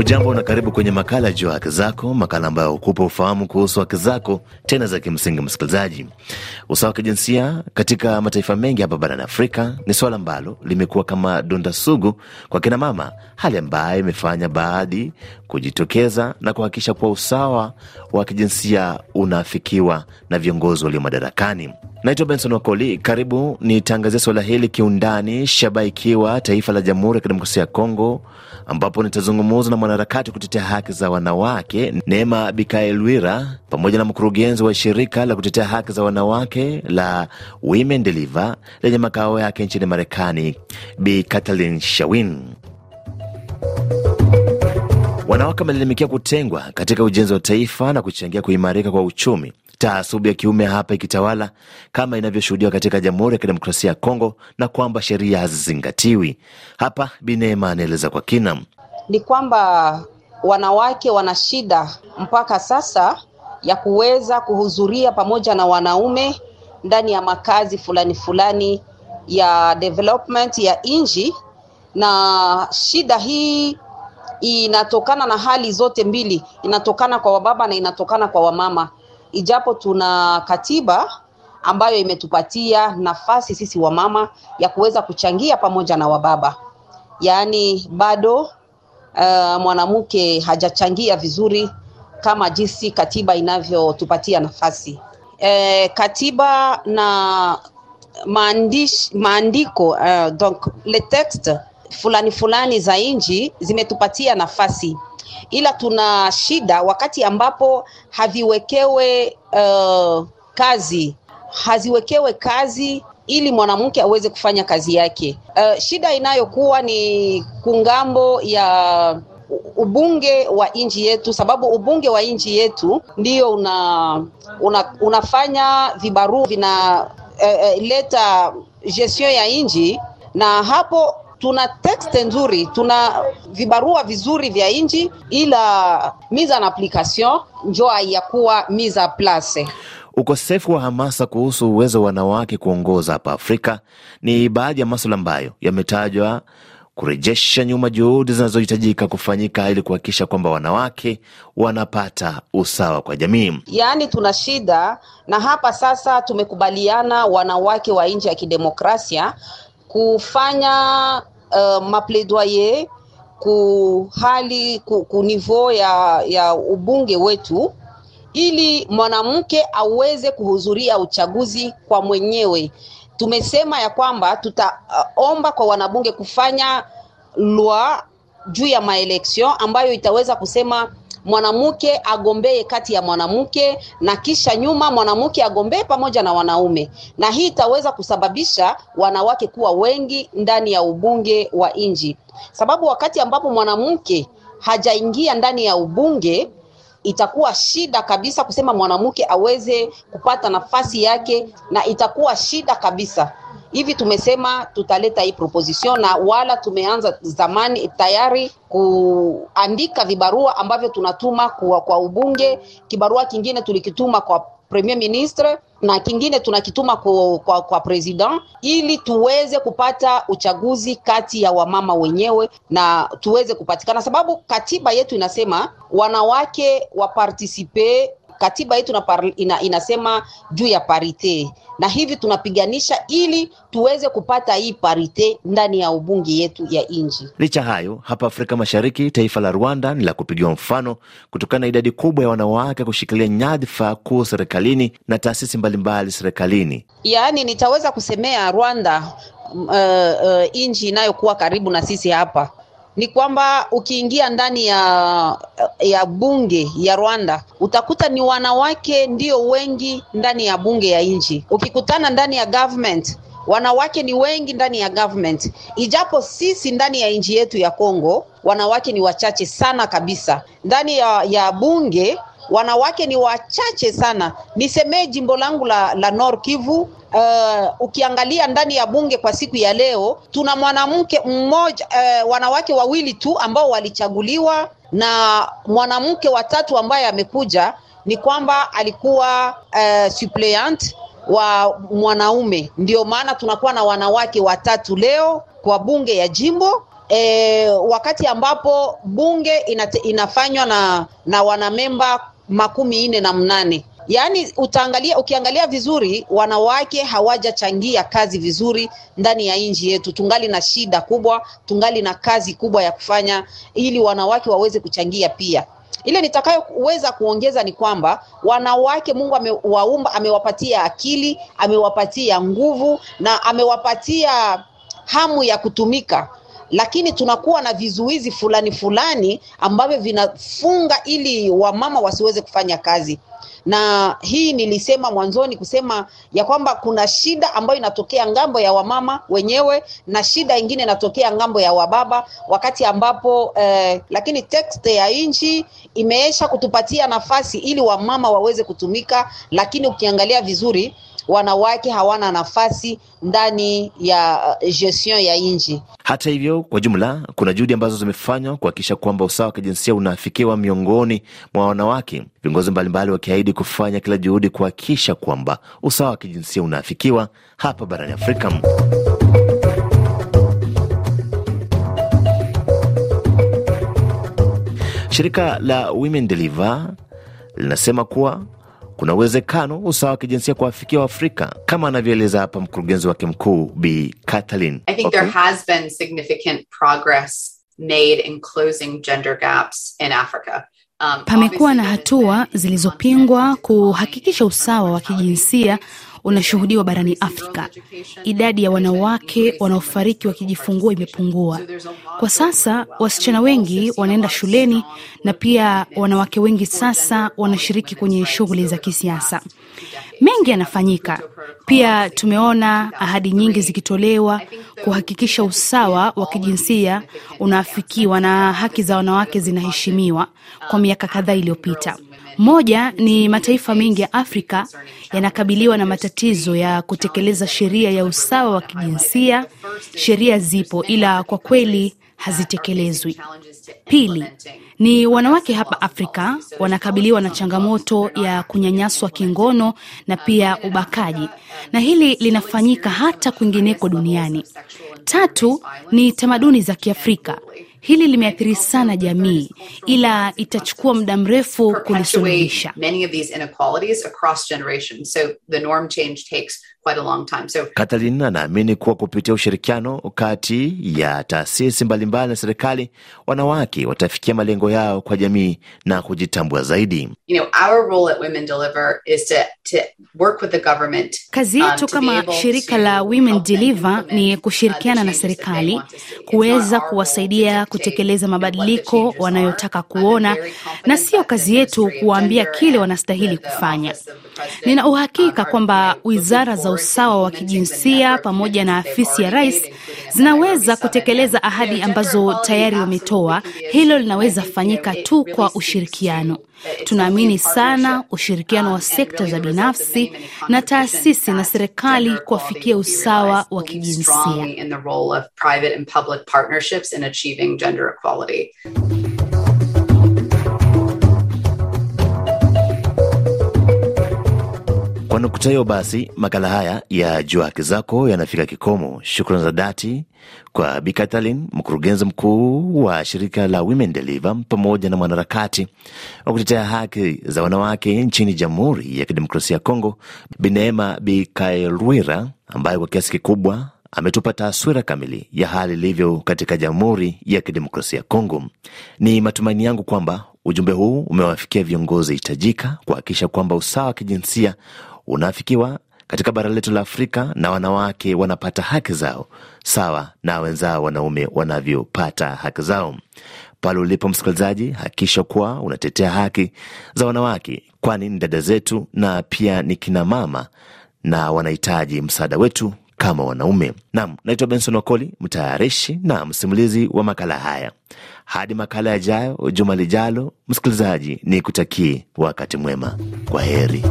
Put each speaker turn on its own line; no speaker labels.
Hujambo na karibu kwenye makala juu ya haki zako, makala ambayo hukupa ufahamu kuhusu haki zako tena za kimsingi. Msikilizaji, usawa wa kijinsia katika mataifa mengi hapa barani Afrika ni swala ambalo limekuwa kama donda sugu kwa kina mama, hali ambayo imefanya baadhi kujitokeza na kuhakikisha kuwa usawa wa kijinsia unaafikiwa na viongozi walio madarakani. Naitwa Benson Wakoli, karibu nitangazia swala hili kiundani, shaba ikiwa taifa la Jamhuri ya Kidemokrasia ya Kongo, ambapo nitazungumuza na mwanaharakati kutetea haki za wanawake Neema Bikaelwira pamoja na mkurugenzi wa shirika la kutetea haki za wanawake la Women Deliver lenye makao yake nchini Marekani, Bi Katalin Shawin. Wanawake wamelalamikia kutengwa katika ujenzi wa taifa na kuchangia kuimarika kwa uchumi taasubu ya kiume hapa ikitawala kama inavyoshuhudiwa katika Jamhuri ya Kidemokrasia ya Kongo na kwamba sheria hazizingatiwi. Hapa Binema anaeleza kwa kina
ni kwamba wanawake wana shida mpaka sasa ya kuweza kuhudhuria pamoja na wanaume ndani ya makazi fulani fulani ya development ya inji, na shida hii inatokana na hali zote mbili, inatokana kwa wababa na inatokana kwa wamama ijapo tuna katiba ambayo imetupatia nafasi sisi wa mama ya kuweza kuchangia pamoja na wababa, yaani bado uh, mwanamke hajachangia vizuri kama jinsi katiba inavyotupatia nafasi. E, katiba na maandishi maandiko, uh, donc le texte fulani fulani za nchi zimetupatia nafasi, ila tuna shida wakati ambapo haviwekewe uh, kazi haziwekewe kazi ili mwanamke aweze kufanya kazi yake. Uh, shida inayokuwa ni kungambo ya ubunge wa nchi yetu, sababu ubunge wa nchi yetu ndio una, una, unafanya vibarua vinaleta eh, uh, uh, gestion ya nchi na hapo tuna text nzuri, tuna vibarua vizuri vya inji, ila mise en application njo haiyakuwa mise en place.
Ukosefu wa hamasa kuhusu uwezo wa wanawake kuongoza hapa Afrika ni baadhi ya masuala ambayo yametajwa kurejesha nyuma juhudi zinazohitajika kufanyika ili kuhakikisha kwamba wanawake wanapata usawa kwa jamii.
Yaani tuna shida na hapa sasa, tumekubaliana wanawake wa nchi ya kidemokrasia kufanya uh, eh, mapledoyer ku hali ku, ku ya, ya ubunge wetu ili mwanamke aweze kuhudhuria uchaguzi kwa mwenyewe. Tumesema ya kwamba tutaomba uh, kwa wanabunge kufanya lwa juu ya maeleksio ambayo itaweza kusema mwanamke agombee kati ya mwanamke na kisha nyuma mwanamke agombee pamoja na wanaume, na hii itaweza kusababisha wanawake kuwa wengi ndani ya ubunge wa nchi, sababu wakati ambapo mwanamke hajaingia ndani ya ubunge itakuwa shida kabisa kusema mwanamke aweze kupata nafasi yake, na itakuwa shida kabisa hivi tumesema tutaleta hii proposition na wala tumeanza zamani tayari kuandika vibarua ambavyo tunatuma kwa, kwa ubunge. Kibarua kingine tulikituma kwa premier ministre na kingine tunakituma kwa, kwa, kwa president ili tuweze kupata uchaguzi kati ya wamama wenyewe na tuweze kupatikana, sababu katiba yetu inasema wanawake wapartisipe katiba yetu ina, inasema juu ya parite, na hivi tunapiganisha ili tuweze kupata hii parite ndani ya ubungi
yetu ya nji Licha hayo, hapa Afrika Mashariki taifa la Rwanda ni la kupigiwa mfano kutokana na idadi kubwa ya wanawake kushikilia nyadhifa kuu serikalini na taasisi mbalimbali serikalini.
Yaani nitaweza kusemea Rwanda, uh, uh, nchi inayokuwa karibu na sisi hapa ni kwamba ukiingia ndani ya, ya bunge ya Rwanda utakuta ni wanawake ndio wengi ndani ya bunge ya nchi. Ukikutana ndani ya government wanawake ni wengi ndani ya government, ijapo sisi ndani ya nchi yetu ya Kongo wanawake ni wachache sana kabisa ndani ya, ya bunge wanawake ni wachache sana. Nisemee jimbo langu la, la Nord Kivu. Uh, ukiangalia ndani ya bunge kwa siku ya leo tuna mwanamke mmoja, uh, wanawake wawili tu ambao walichaguliwa na mwanamke watatu ambaye amekuja ni kwamba alikuwa uh, suppleant wa mwanaume. Ndio maana tunakuwa na wanawake watatu leo kwa bunge ya jimbo e, wakati ambapo bunge inate, inafanywa na, na wanamemba makumi nne na mnane yaani utaangalia ukiangalia vizuri wanawake hawajachangia kazi vizuri ndani ya nji yetu tungali na shida kubwa tungali na kazi kubwa ya kufanya ili wanawake waweze kuchangia pia ile nitakayoweza kuongeza ni kwamba wanawake Mungu amewaumba amewapatia akili amewapatia nguvu na amewapatia hamu ya kutumika lakini tunakuwa na vizuizi fulani fulani ambavyo vinafunga ili wamama wasiweze kufanya kazi na hii nilisema mwanzoni kusema ya kwamba kuna shida ambayo inatokea ngambo ya wamama wenyewe na shida ingine inatokea ngambo ya wababa, wakati ambapo eh, lakini text ya nchi imeesha kutupatia nafasi ili wamama waweze kutumika, lakini ukiangalia vizuri wanawake hawana nafasi ndani ya uh, gestion ya nji
Hata hivyo, kwa jumla kuna juhudi ambazo zimefanywa kuhakikisha kwamba usawa wa kijinsia unaafikiwa miongoni mwa wanawake, viongozi mbalimbali wakiahidi kufanya kila juhudi kuhakikisha kwamba usawa wa kijinsia unaafikiwa hapa barani Afrika. Shirika la Women Deliver linasema kuwa kuna uwezekano usawa wa kijinsia kuwafikia Waafrika kama anavyoeleza hapa mkurugenzi wake mkuu b Katalin. I think okay, there has
been significant progress made in closing gender gaps in Africa. Um, pamekuwa na hatua zilizopingwa kuhakikisha usawa wa kijinsia unashuhudiwa barani Afrika. Idadi ya wanawake wanaofariki wakijifungua imepungua kwa sasa. Wasichana wengi wanaenda shuleni na pia wanawake wengi sasa wanashiriki kwenye shughuli za kisiasa. Mengi yanafanyika. Pia tumeona ahadi nyingi zikitolewa kuhakikisha usawa wa kijinsia unaafikiwa na haki za wanawake zinaheshimiwa kwa miaka kadhaa iliyopita. Moja ni mataifa mengi ya Afrika yanakabiliwa na matatizo ya kutekeleza sheria ya usawa wa kijinsia. Sheria zipo ila kwa kweli hazitekelezwi. Pili ni wanawake hapa Afrika wanakabiliwa na changamoto ya kunyanyaswa kingono na pia ubakaji, na hili linafanyika hata kwingineko duniani. Tatu ni tamaduni za Kiafrika Hili limeathiri sana jamii, ila itachukua muda mrefu kulisuluhisha.
Katarina anaamini kuwa kupitia ushirikiano kati ya taasisi mbalimbali na serikali, wanawake watafikia malengo yao kwa jamii na kujitambua zaidi.
You know, kazi um, yetu kama shirika la Women Deliver ni uh, kushirikiana na serikali kuweza kuwasaidia kutekeleza mabadiliko wanayotaka kuona, na sio kazi yetu kuwaambia kile wanastahili kufanya. Nina uhakika kwamba wizara za usawa wa kijinsia pamoja na afisi ya rais zinaweza kutekeleza ahadi ambazo tayari wametoa. Hilo linaweza fanyika tu kwa ushirikiano. Tunaamini sana ushirikiano wa sekta za binafsi na taasisi na serikali kuwafikia usawa wa kijinsia.
nukta hiyo basi, makala haya ya Jua Haki Zako yanafika kikomo. Shukrani za dhati kwa Bi Katalin, mkurugenzi mkuu wa shirika la Women Deliver pamoja na mwanaharakati wa kutetea haki za wanawake nchini Jamhuri ya Kidemokrasia ya Kongo, Bi Bikaelwira, ambaye kwa kiasi kikubwa ametupa taswira kamili ya hali ilivyo katika Jamhuri ya Kidemokrasia ya Kongo. Ni matumaini yangu kwamba ujumbe huu umewafikia viongozi hitajika kuhakikisha kwamba usawa wa kijinsia unaafikiwa katika bara letu la Afrika na wanawake wanapata haki zao sawa na wenzao wanaume wanavyopata haki zao. Pale ulipo msikilizaji, hakikisha kuwa unatetea haki za wanawake, kwani ni dada zetu na pia ni kina mama na wanahitaji msaada wetu kama wanaume. Nam, naitwa Benson Wakoli, mtayarishi na msimulizi wa makala haya. Hadi makala yajayo juma lijalo, msikilizaji, ni kutakie wakati mwema. Kwa heri.